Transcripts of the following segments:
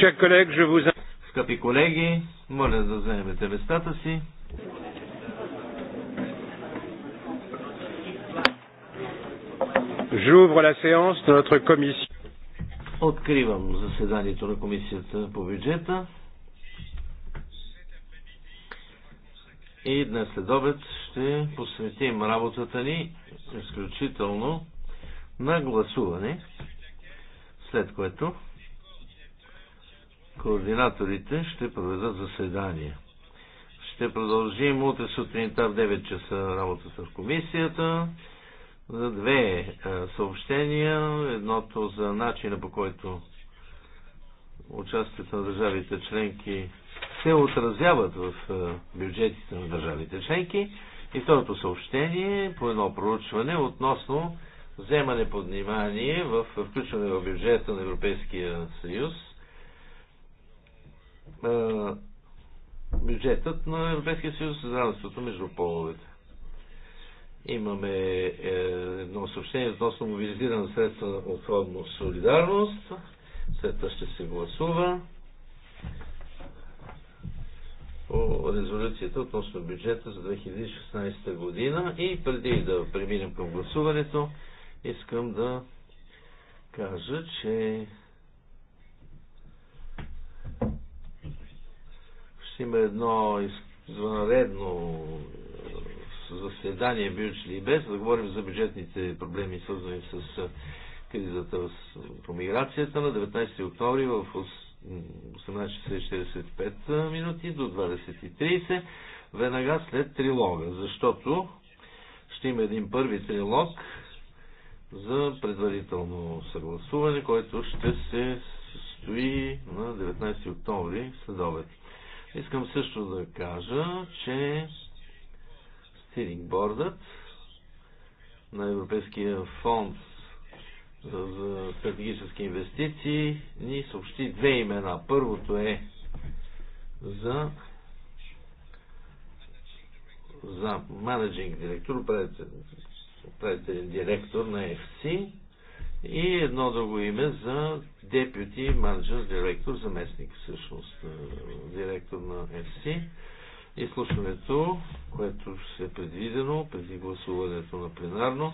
Chers collègues, je vous Скъпи колеги, моля да заемете местата си. J'ouvre la séance de notre commission. Откривам заседанието на Комисията по бюджета. И днес след обед ще посветим работата ни изключително на гласуване, след което координаторите ще проведат заседание. Ще продължим утре сутринта в 9 часа работата в комисията за две е, съобщения. Едното за начина по който участието на държавите членки се отразяват в е, бюджетите на държавите членки. И второто съобщение по едно проучване относно вземане под внимание в е, включване в бюджета на Европейския съюз бюджетът на Европейския съюз за равенството между половете. Имаме е, едно съобщение относно мобилизиране средства от фонд Солидарност. След това ще се гласува по резолюцията относно бюджета за 2016 година. И преди да преминем към гласуването, искам да кажа, че ще има едно извънредно заседание, бил че ли без, да говорим за бюджетните проблеми, свързани с кризата по миграцията на 19 октомври в 18.45 минути до 20.30, веднага след трилога, защото ще има един първи трилог за предварително съгласуване, който ще се състои на 19 октомври след обед. Искам също да кажа, че Сиринг бордът на Европейския фонд за, за стратегически инвестиции ни съобщи две имена. Първото е за за менеджинг директор, управителен директор на FC и едно друго име за Deputy менеджер директор, заместник всъщност директор на FC. Изслушването, което се е предвидено преди гласуването на пленарно,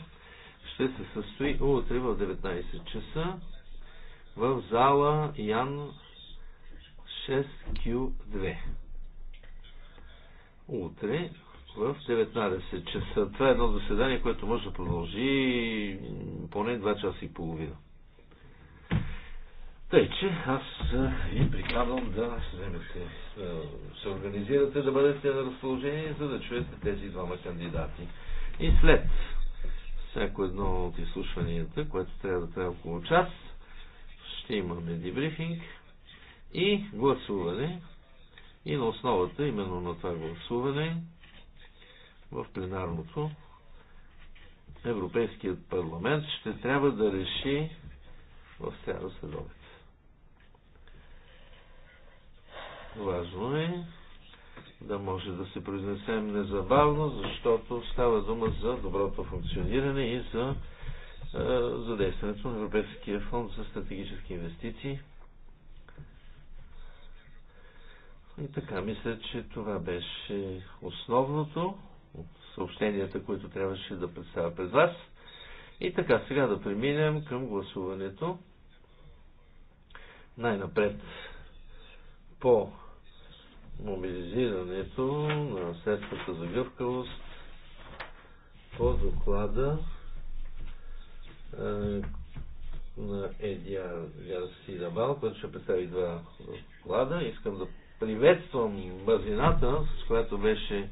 ще се състои утре в 19 часа в зала Ян 6Q2. Утре в 19 часа. Това е едно заседание, което може да продължи поне 2 часа и половина. Тъй, че аз ви приказвам да вземете, се организирате, да бъдете на разположение, за да чуете тези двама кандидати. И след всяко едно от изслушванията, което трябва да трябва около час, ще имаме дебрифинг и гласуване. И на основата, именно на това гласуване, в пленарното, Европейският парламент ще трябва да реши в сряда следобед. Важно е да може да се произнесем незабавно, защото става дума за доброто функциониране и за е, задействането на Европейския фонд за стратегически инвестиции. И така, мисля, че това беше основното от съобщенията, които трябваше да представя пред вас. И така, сега да преминем към гласуването. Най-напред по мобилизирането на средствата за гъвкавост по доклада е, на Едия Гарси Бал, който ще представи два доклада. Искам да приветствам базината, с която беше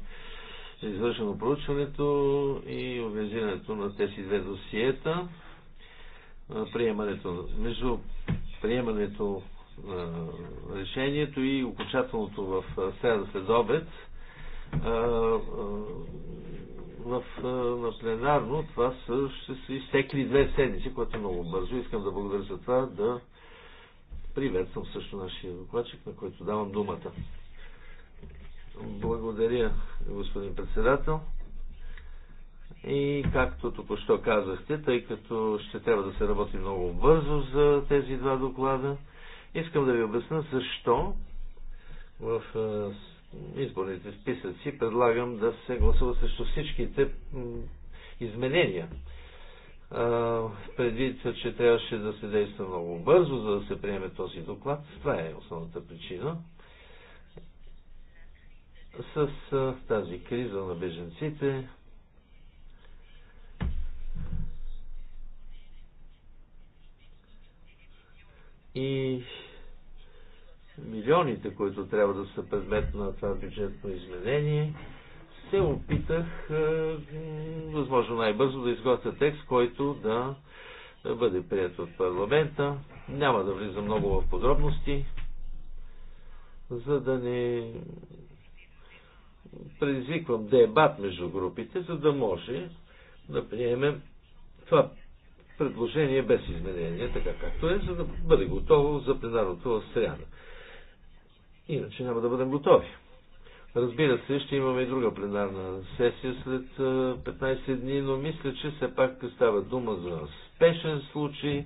извършено проучването и организирането на тези две досиета. Приемането, между приемането е, решението и окончателното в е, среда след обед. Е, в, на пленарно това са, ще са изтекли две седмици, което е много бързо. Искам да благодаря за това, да приветствам също нашия докладчик, на който давам думата. Благодаря, господин председател. И както току-що казахте, тъй като ще трябва да се работи много бързо за тези два доклада, Искам да ви обясна защо в изборните списъци предлагам да се гласува срещу всичките изменения. Предвид, че трябваше да се действа много бързо, за да се приеме този доклад, това е основната причина. С тази криза на беженците и милионите, които трябва да са предмет на това бюджетно изменение, се опитах е, възможно най-бързо да изготвя текст, който да бъде прият от парламента. Няма да влиза много в подробности, за да не предизвиквам дебат между групите, за да може да приемем това предложение без изменение, така както е, за да бъде готово за пленарното в сряда. Иначе няма да бъдем готови. Разбира се, ще имаме и друга пленарна сесия след 15 дни, но мисля, че все пак става дума за спешен случай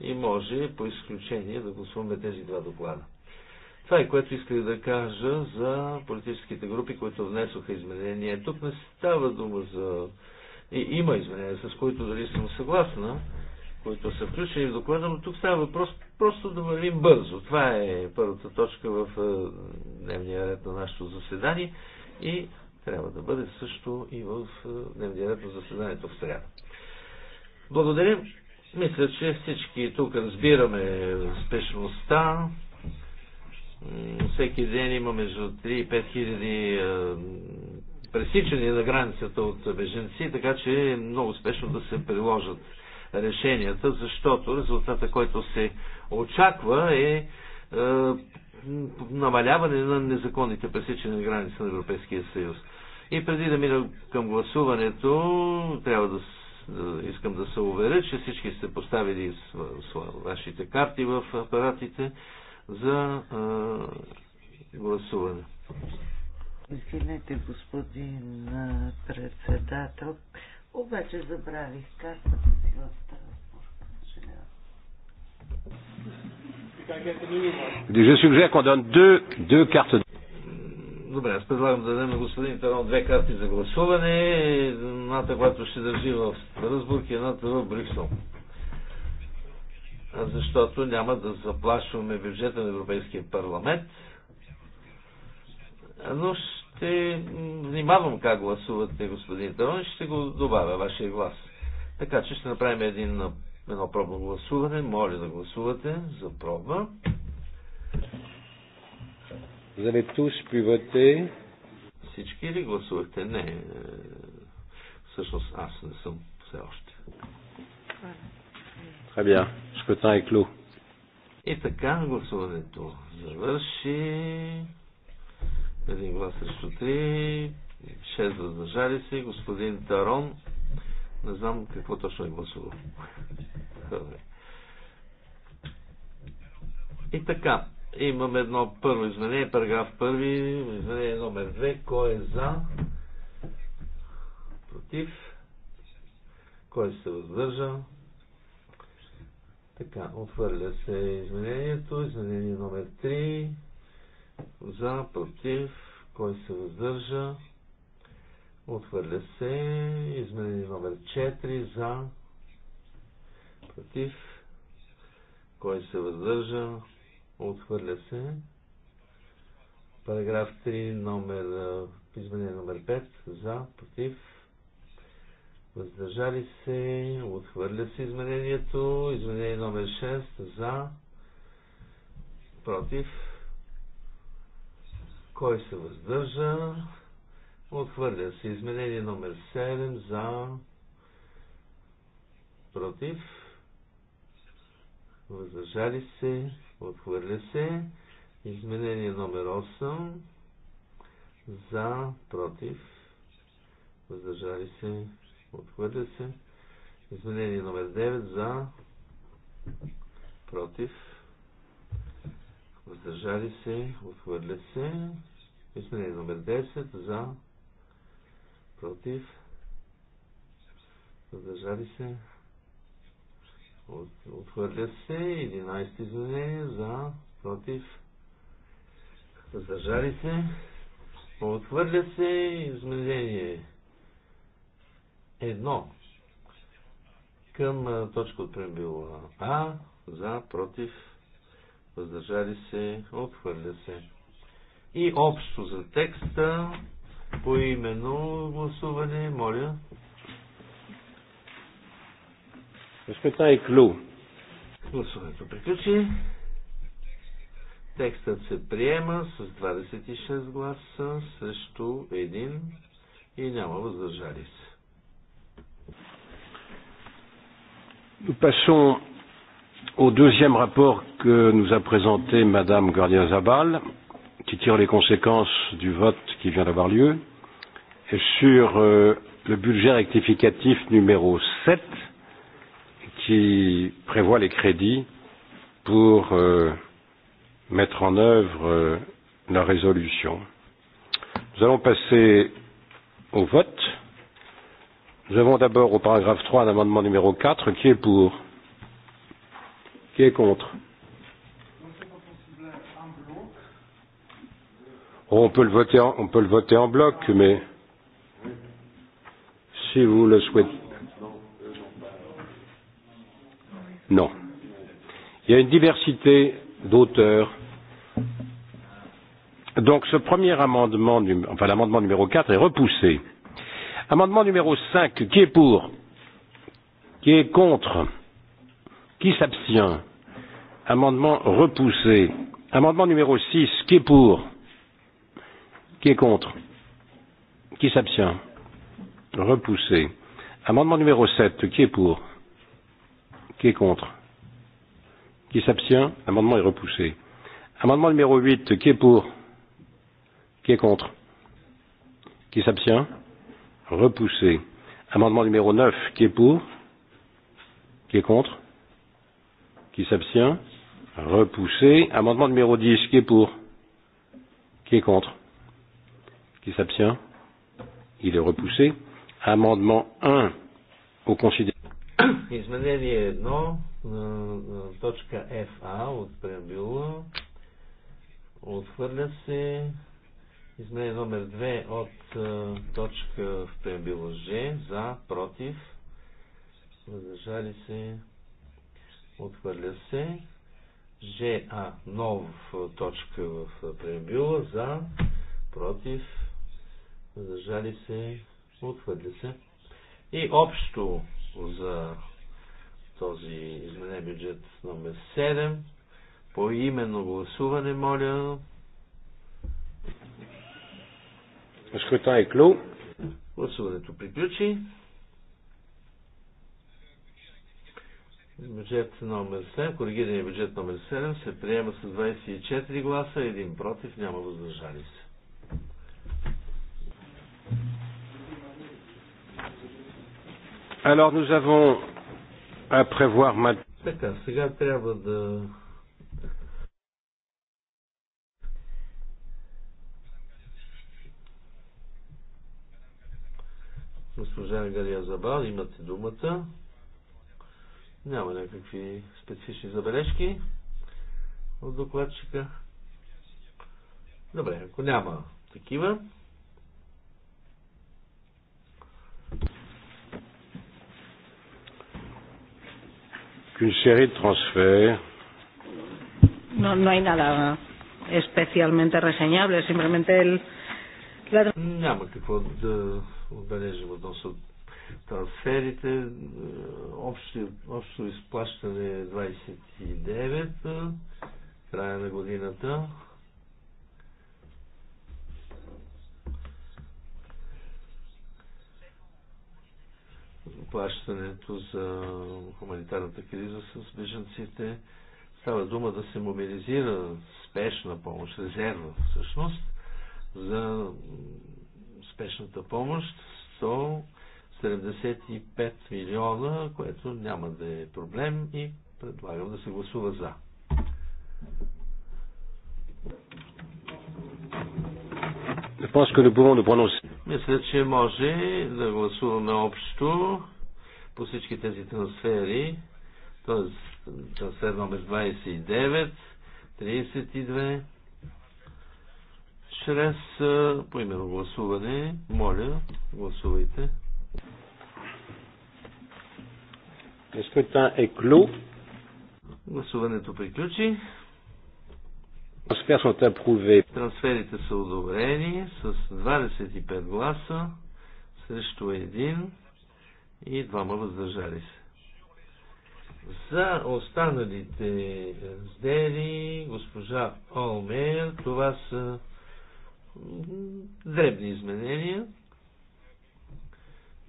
и може по изключение да гласуваме тези два доклада. Това е което исках да кажа за политическите групи, които внесоха изменения. Тук не става дума за и, има извинение, с които дали съм съгласна, които са включени в доклада, но тук става въпрос просто да вървим бързо. Това е първата точка в е, дневния ред на нашето заседание и трябва да бъде също и в е, дневния ред на заседанието в среда. Благодарим. Мисля, че всички тук разбираме спешността. Всеки ден има между 3 и 5 хиляди е, пресичане на границата от беженци, така че е много спешно да се приложат решенията, защото резултата, който се очаква е, е намаляване на незаконните пресичане на граница на Европейския съюз. И преди да мина към гласуването, трябва да е, искам да се уверя, че всички сте поставили вашите карти в апаратите за е, гласуване. Извинете, господин председател, обаче забравих картата си в Страсбург. Je suggère qu'on donne deux, deux cartes. Добре, аз предлагам да дадем на господин Тарон две карти за гласуване. Едната, която ще държи в Страсбург и едната в Брюксел защото няма да заплашваме бюджета на Европейския парламент, но ще внимавам как гласувате, господин Тарон, и ще го добавя вашия глас. Така че ще направим един, едно пробно гласуване. Моля да гласувате за проба. За avez tous Всички ли гласувате? Не. Всъщност аз не съм все още. Хабя, bien. е клю. И така гласуването завърши. Един глас срещу три. Шест въздържали се. Господин Тарон. Не знам какво точно е гласувал. И така. Имаме едно първо изменение, параграф първи, изменение номер две. Кой е за? Против? Кой се въздържа? Така, отвърля се изменението. Изменение номер 3. За, против, кой се въздържа? Отхвърля се. Изменение номер 4. За, против, кой се въздържа? Отхвърля се. Параграф 3, номер, изменение номер 5. За, против, въздържали се, отхвърля се изменението, изменение номер 6, за, против, кой се въздържа? Отхвърля се. Изменение номер 7 за против. Въздържали се. Отхвърля се. Изменение номер 8 за против. Въздържали се. Отхвърля се. Изменение номер 9 за против. Въздържали се. Отхвърля се. Изменение номер 10 за, против, Задържали се, от, отхвърля се, 11 изменение за, против, Задържали се, отхвърля се, изменение Едно към точка от прембила А, за, против, въздържали се, отхвърля се. И общо за текста, по именно гласуване, моля. Разпита е клю. Гласуването приключи. Текстът се приема с 26 гласа срещу 1 и няма въздържали се. Nous passons au deuxième rapport que nous a présenté Madame Gardia Zabal qui tire les conséquences du vote qui vient d'avoir lieu, et sur euh, le budget rectificatif numéro 7, qui prévoit les crédits pour euh, mettre en œuvre euh, la résolution. Nous allons passer au vote. Nous avons d'abord au paragraphe 3 un amendement numéro 4 qui est pour, qui est contre, on peut le voter en, on peut le voter en bloc, mais si vous le souhaitez. Non. Il y a une diversité d'auteurs. Donc ce premier amendement, enfin l'amendement numéro 4 est repoussé. Amendement numéro 5, qui est pour Qui est contre Qui s'abstient Amendement repoussé. Amendement numéro 6, qui est pour Qui est contre Qui s'abstient Repoussé. Amendement numéro 7, qui est pour Qui est contre Qui s'abstient L'amendement est repoussé. Amendement numéro 8, qui est pour Qui est contre Qui s'abstient Repoussé. Amendement numéro 9, qui est pour Qui est contre Qui s'abstient Repoussé. Amendement numéro 10, qui est pour Qui est contre Qui s'abstient Il est repoussé. Amendement 1 au considéré. Изменение 1 на точка FA от преамбюла отхвърля се изменение номер 2 от точка в преамбюла Ж за, против, въздържали се, отхвърля се. ЖА нов точка в преамбюла за, против, въздържали се, отхвърли се. И общо за този изменен бюджет номер 7, по именно гласуване, моля. е клю. Гласуването приключи. Бюджет номер 7, коригирания бюджет номер 7 се приема с 24 гласа, един против, няма въздържали се. Alors nous avons à prévoir maintenant. Така, сега трябва да Госпожа Галия Забал, имате думата. Няма някакви специфични забележки от докладчика. Добре, ако няма такива, qu'une série de transferts. No, no hay nada especialmente reseñable, simplemente el... La... Няма какво да отбележим относно трансферите. Общо, общо изплащане 29, края на годината. плащането за хуманитарната криза с беженците. Става дума да се мобилизира спешна помощ, резерва всъщност, за спешната помощ 175 милиона, което няма да е проблем и предлагам да се гласува за. Мисля, че може да гласуваме общо по всички тези трансфери, т.е. трансфер номер 29, 32, чрез поименно гласуване. Моля, гласувайте. Скрутин е клю. Гласуването приключи. Трансферите са одобрени с 25 гласа срещу 1 и двама въздържали се. За останалите раздели, госпожа Олмер, това са дребни изменения.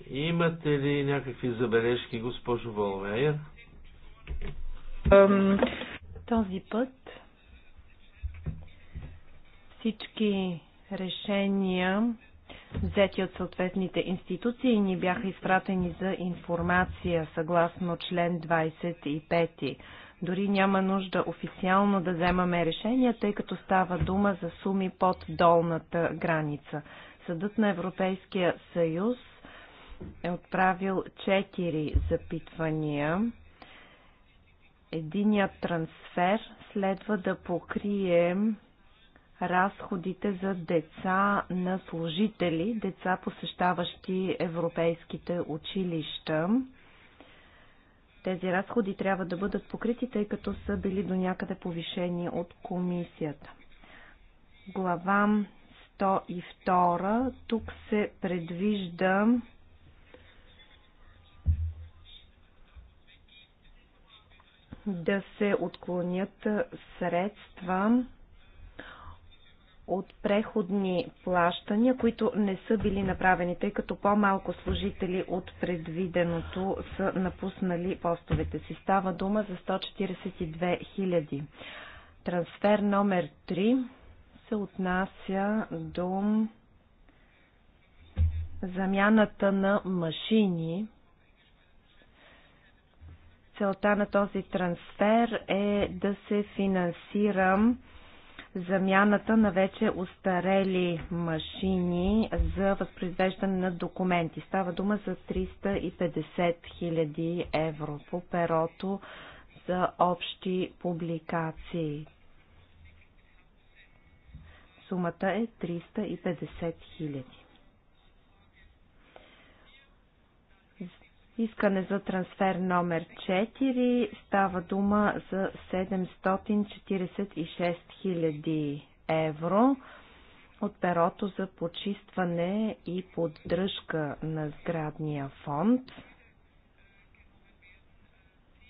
Имате ли някакви забележки, госпожо Волмейер? Този път всички решения взети от съответните институции и ни бяха изпратени за информация съгласно член 25. Дори няма нужда официално да вземаме решение, тъй като става дума за суми под долната граница. Съдът на Европейския съюз е отправил 4 запитвания. Единият трансфер следва да покрие разходите за деца на служители, деца посещаващи европейските училища. Тези разходи трябва да бъдат покрити, тъй като са били до някъде повишени от комисията. Глава 102. Тук се предвижда да се отклонят средства от преходни плащания, които не са били направени, тъй като по-малко служители от предвиденото са напуснали постовете си. Става дума за 142 000 Трансфер номер 3 се отнася до замяната на машини. Целта на този трансфер е да се финансира замяната на вече устарели машини за възпроизвеждане на документи. Става дума за 350 000 евро по перото за общи публикации. Сумата е 350 000. Искане за трансфер номер 4 става дума за 746 000 евро от перото за почистване и поддръжка на сградния фонд.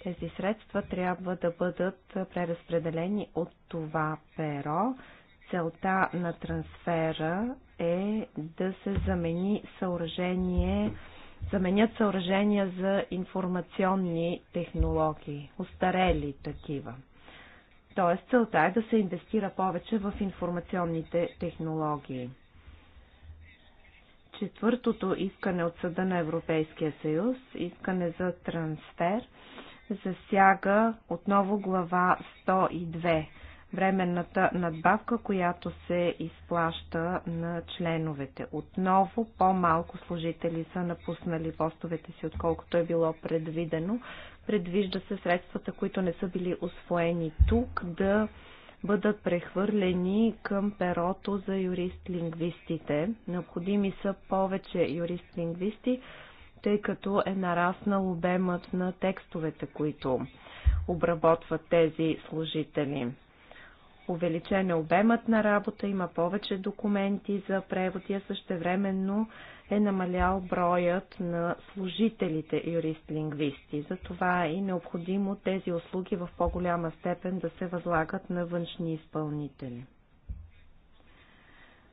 Тези средства трябва да бъдат преразпределени от това перо. Целта на трансфера е да се замени съоръжение заменят съоръжения за информационни технологии, устарели такива. Тоест целта е да се инвестира повече в информационните технологии. Четвъртото искане от Съда на Европейския съюз, искане за трансфер, засяга отново глава 102 временната надбавка, която се изплаща на членовете. Отново по-малко служители са напуснали постовете си, отколкото е било предвидено. Предвижда се средствата, които не са били освоени тук, да бъдат прехвърлени към перото за юрист-лингвистите. Необходими са повече юрист-лингвисти, тъй като е нараснал обемът на текстовете, които обработват тези служители. Увеличен е обемът на работа, има повече документи за преводи, а е същевременно е намалял броят на служителите юрист-лингвисти. Затова е и необходимо тези услуги в по-голяма степен да се възлагат на външни изпълнители.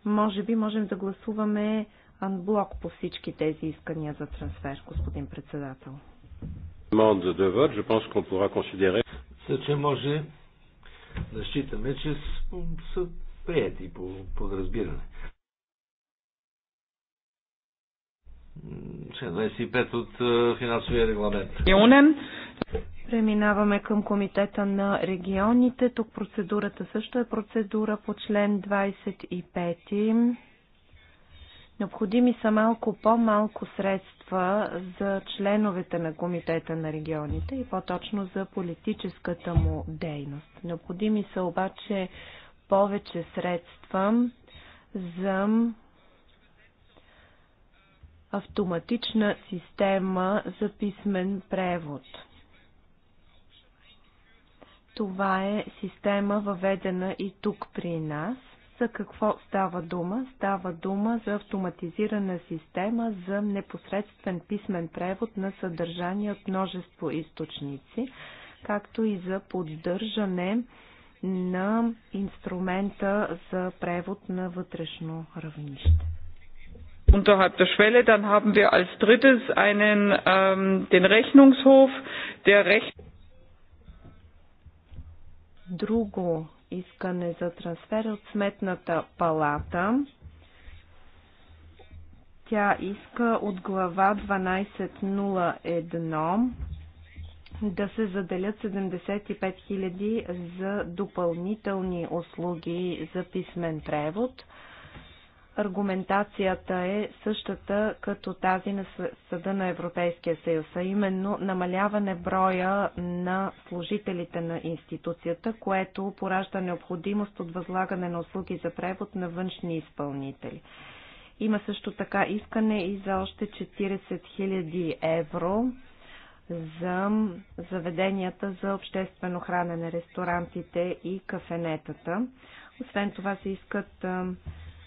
Може би можем да гласуваме анблок по всички тези искания за трансфер, господин председател. че може да считаме, че са прияти по подразбиране. Член 25 от е, финансовия регламент. Преминаваме към комитета на регионите. Тук процедурата също е процедура по член 25. Необходими са малко по-малко средства за членовете на Комитета на регионите и по-точно за политическата му дейност. Необходими са обаче повече средства за автоматична система за писмен превод. Това е система въведена и тук при нас – за какво става дума? Става дума за автоматизирана система за непосредствен писмен превод на съдържание от множество източници, както и за поддържане на инструмента за превод на вътрешно равнище. Unterhalb der Schwelle, dann haben wir als drittes einen, ähm, den Rechnungshof, der Recht. Друго искане за трансфер от Сметната палата. Тя иска от глава 1201 да се заделят 75 000 за допълнителни услуги за писмен превод аргументацията е същата като тази на Съда на Европейския съюз, а именно намаляване броя на служителите на институцията, което поражда необходимост от възлагане на услуги за превод на външни изпълнители. Има също така искане и за още 40 000 евро за заведенията за обществено хранене, ресторантите и кафенетата. Освен това се искат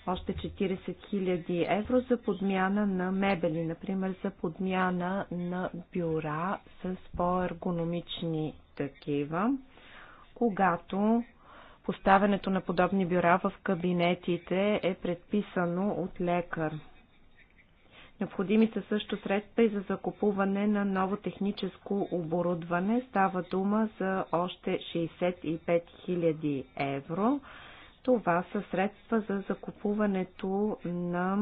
още 40 000 евро за подмяна на мебели, например за подмяна на бюра с по-ергономични такива, когато поставянето на подобни бюра в кабинетите е предписано от лекар. Необходими са също средства и за закупуване на ново техническо оборудване. Става дума за още 65 000 евро. Това са средства за закупуването на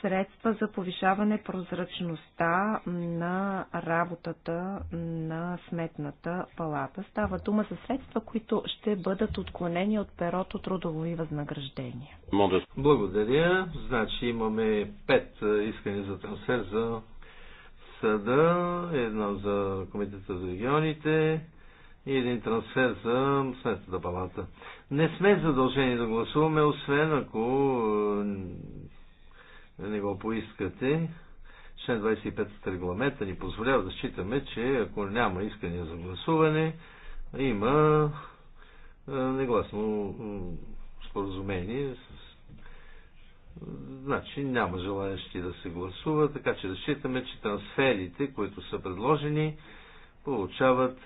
средства за повишаване прозрачността на работата на сметната палата. Става дума за средства, които ще бъдат отклонени от перото трудово и възнаграждение. Благодаря. Значи имаме пет е, искания за трансфер за съда, едно за Комитета за регионите и един трансфер за Сметната палата. Не сме задължени да гласуваме, освен ако е, не го поискате. Член 25 от регламента ни позволява да считаме, че ако няма искания за гласуване, има е, негласно споразумение Значи няма желаящи да се гласува, така че разчитаме, че трансферите, които са предложени, получават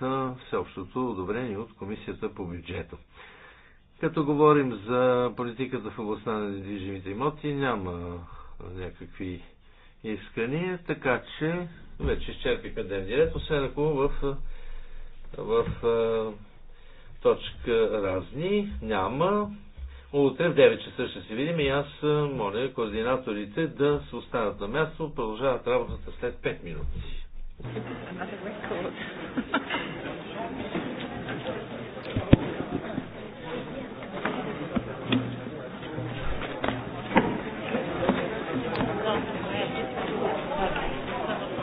всеобщото одобрение от Комисията по бюджета. Като говорим за политиката в областта на недвижимите имоти, няма някакви искания, така че вече изчерпихме дневния ред, освен ако в, в, в точка разни няма. Утре в 9 часа ще се видим и аз моля координаторите да се останат на място. Продължават работата след 5 минути.